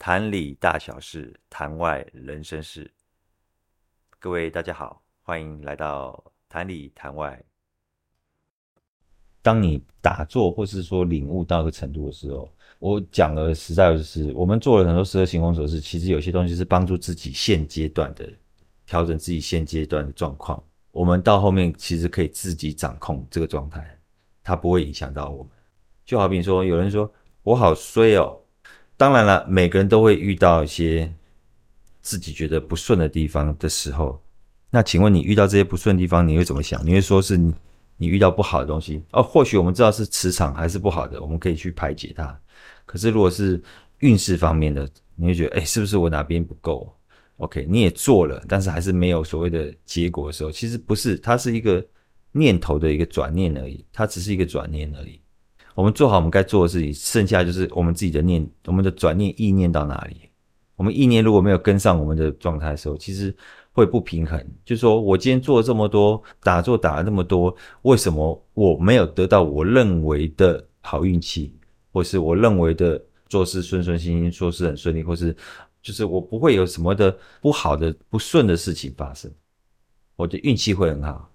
壇裡大小事，壇外人生事。各位大家好，歡迎來到壇裡壇外。當你打坐或是說領悟到一個程度的時候，我講的實在就是，我們做了很多適合行空手勢，其實有些東西是幫助自己現階段的調整，自己現階段的狀況。我們到後面其實可以自己掌控這個狀態，它不會影響到我們。就好比說，有人說我好衰哦。當然了，每個人都會遇到一些自己覺得不順的地方的時候。那請問你遇到這些不順的地方，你會怎麼想？你會說是你，你遇到不好的東西哦？或許我們知道是磁場還是不好的，我們可以去排解它。可是如果是運勢方面的，你會覺得誒，是不是我哪邊不夠？OK，你也做了，但是還是沒有所謂的結果的時候，其實不是，它是一個念頭的一個轉念而已，它只是一個轉念而已。我們做好我們該做的事情，剩下就是我們自己的念，我們的轉念、意念到哪裡？我們意念如果沒有跟上我們的狀態的時候，其實會不平衡。就是說我今天做了這麼多，打坐打了那麼多，為什麼我沒有得到我認為的好運氣，或是我認為的做事順順心心，做事很順利，或是就是我不會有什麼的不好的、不順的事情發生，我的運氣會很好？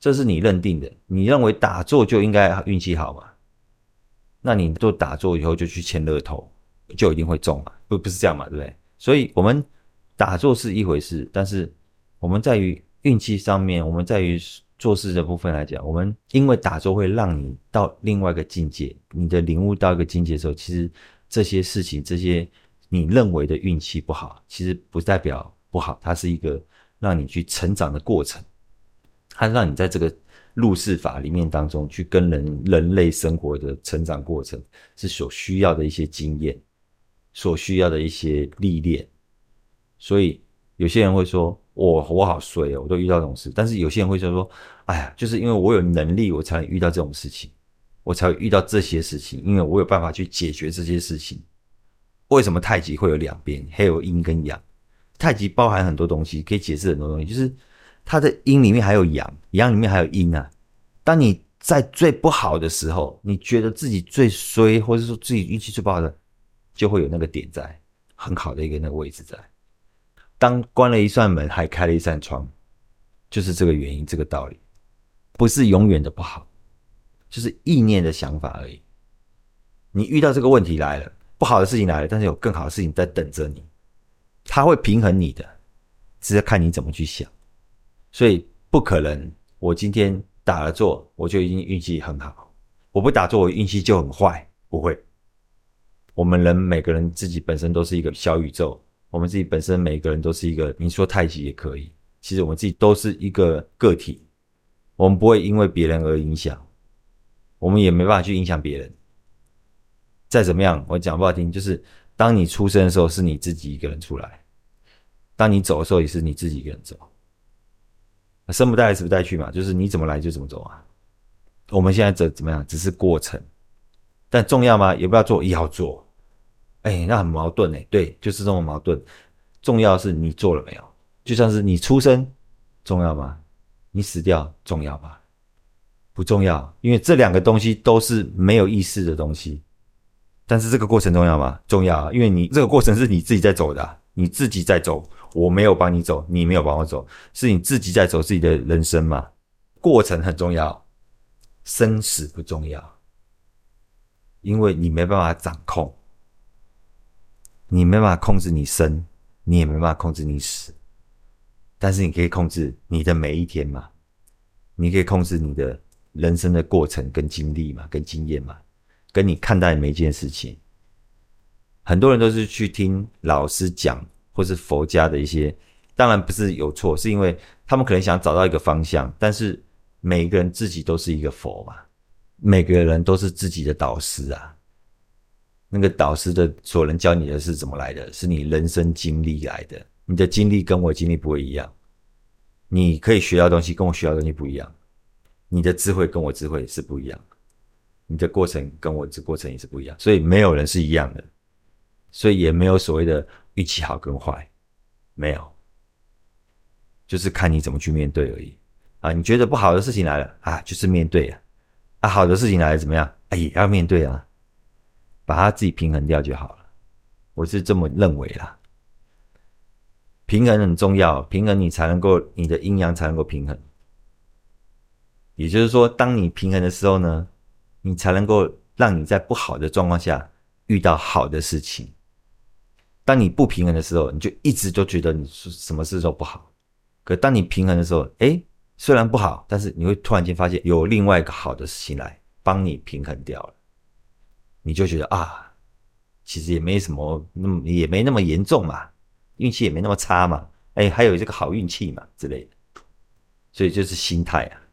這是你認定的，你認為打坐就應該運氣好嘛？那你都打坐以後就去簽樂透，就一定會中啊？不，不是這樣嘛，對不對？所以，我們打坐是一回事，但是我們在於運氣上面，我們在於做事的部分來講，我們因為打坐會讓你到另外一個境界，你的領悟到一個境界的時候，其實這些事情，這些你認為的運氣不好，其實不代表不好，它是一個讓你去成長的過程，它讓你在這個。入世法裡面當中，去跟人人類生活的成長過程是所需要的一些經驗，所需要的一些歷練。所以有些人會說：“我我好衰哦，我都遇到這種事。”但是有些人會說：“說哎呀，就是因為我有能力，我才能遇到這種事情，我才會遇到這些事情，因為我有辦法去解決這些事情。”為什麼太極會有兩邊還有陰跟陽？太極包含很多東西，可以解釋很多東西，就是。它的陰裡面還有陽，陽裡面還有陰啊！當你在最不好的時候，你覺得自己最衰，或者說自己運氣最不好的，的就會有那個點在很好的一個那個位置在。當關了一扇門，還開了一扇窗，就是這個原因，這個道理不是永遠的不好，就是意念的想法而已。你遇到這個問題來了，不好的事情來了，但是有更好的事情在等着你，它會平衡你的，只是看你怎麼去想。所以不可能，我今天打了坐，我就已經運氣很好。我不打坐，我運氣就很壞。不會，我們人每個人自己本身都是一個小宇宙。我們自己本身每個人都是一個，你說太極也可以。其實我們自己都是一個個體，我們不會因為別人而影響，我們也沒辦法去影響別人。再怎麼樣，我講不好聽，就是當你出生的時候，是你自己一個人出來；當你走的時候，也是你自己一個人走。生不帶來，死不帶去嘛，就是你怎麼來就怎麼走啊。我們現在怎怎麼樣？只是過程，但重要嗎？也不要做，也要做。哎、欸，那很矛盾呢。對，就是這麼矛盾。重要的是你做了沒有？就算是你出生重要嗎？你死掉重要嗎？不重要，因為這兩個東西都是沒有意思的東西。但是這個過程重要嗎？重要，啊，因為你這個過程是你自己在走的，啊，你自己在走。我沒有幫你走，你沒有幫我走，是你自己在走自己的人生嘛，過程很重要，生死不重要，因為你沒辦法掌控，你沒辦法控制你生，你也沒辦法控制你死，但是你可以控制你的每一天嘛，你可以控制你的人生的過程跟經歷嘛，跟經驗嘛，跟你看待每一件事情。很多人都是去聽老師講。或是佛家的一些，當然不是有錯，是因為他們可能想找到一個方向。但是每一個人自己都是一個佛嘛，每個人都是自己的導師啊。那個導師的所能教你的是怎麼來的？是你人生經歷來的。你的經歷跟我經歷不會一樣，你可以學到東西跟我學到東西不一樣，你的智慧跟我智慧是不一樣，你的過程跟我這過程也是不一樣。所以沒有人是一樣的，所以也沒有所謂的。運氣好跟壞，沒有，就是看你怎麼去面對而已。啊，你覺得不好的事情來了，啊，就是面對啊；啊，好的事情來了，怎麼樣，啊，也要面對啊，把它自己平衡掉就好了。我是這麼認為啦。平衡很重要，平衡你才能夠你的陰陽才能夠平衡。也就是說，當你平衡的時候呢，你才能夠讓你在不好的狀況下遇到好的事情。當你不平衡的時候，你就一直都覺得你是什麼事都不好。可當你平衡的時候，哎，雖然不好，但是你會突然間發現有另外一個好的事情來幫你平衡掉了，你就覺得啊，其實也沒什麼，那麼也沒那麼嚴重嘛，運氣也沒那麼差嘛，哎，還有這個好運氣嘛，之類的。所以就是心態啊。